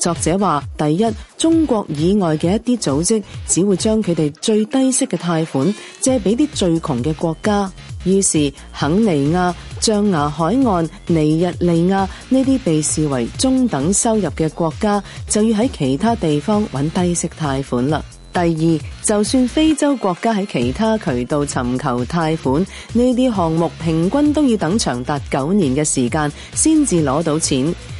作者話：第一，中國以外嘅一啲組織只會將佢哋最低息嘅貸款借俾啲最窮嘅國家，於是肯尼亞、象牙海岸、尼日利亞呢啲被視為中等收入嘅國家就要喺其他地方揾低息貸款啦。第二，就算非洲國家喺其他渠道尋求貸款，呢啲項目平均都要等長達九年嘅時間先至攞到錢。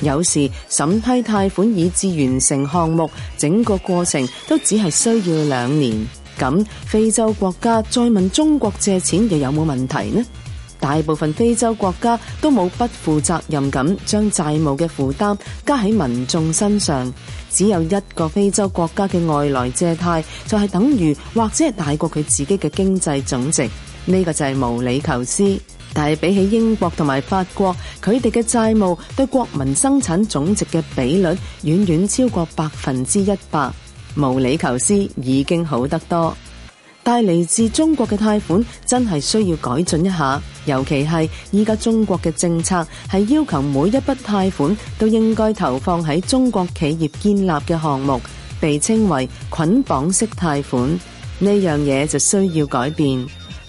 有時審批貸款以至完成項目，整個過程都只係需要兩年。咁非洲國家再問中國借錢又有冇問題呢？大部分非洲國家都冇不負責任咁將債務嘅負擔加喺民眾身上。只有一個非洲國家嘅外來借貸就係、是、等於或者係大過佢自己嘅經濟總值，呢、這個就係毛里求斯。但係比起英國同埋法國，佢哋嘅債務對國民生產總值嘅比率遠遠超過百分之一百，毛里求斯已經好得多。但係嚟自中國嘅貸款真係需要改進一下，尤其係依家中國嘅政策係要求每一筆貸款都應該投放喺中國企業建立嘅項目，被稱為捆綁式貸款，呢樣嘢就需要改變。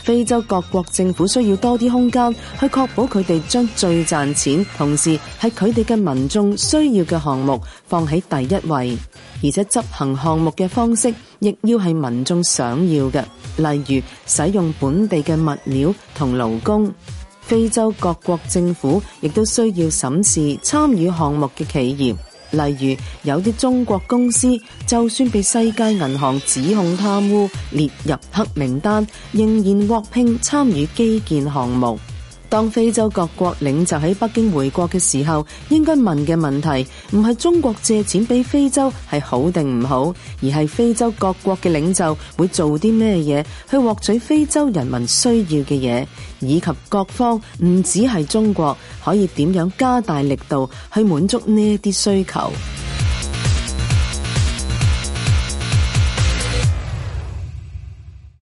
非洲各國政府需要多啲空間去確保佢哋將最賺錢，同時係佢哋嘅民眾需要嘅項目放喺第一位，而且執行項目嘅方式亦要係民眾想要嘅，例如使用本地嘅物料同勞工。非洲各國政府亦都需要審視參與項目嘅企業。例如，有啲中國公司就算被世界銀行指控貪污，列入黑名單，仍然獲聘參與基建項目。當非洲各國領袖喺北京回國嘅時候，應該問嘅問題唔係中國借錢俾非洲係好定唔好，而係非洲各國嘅領袖會做啲咩嘢去獲取非洲人民需要嘅嘢，以及各方唔止係中國可以點樣加大力度去滿足呢一啲需求。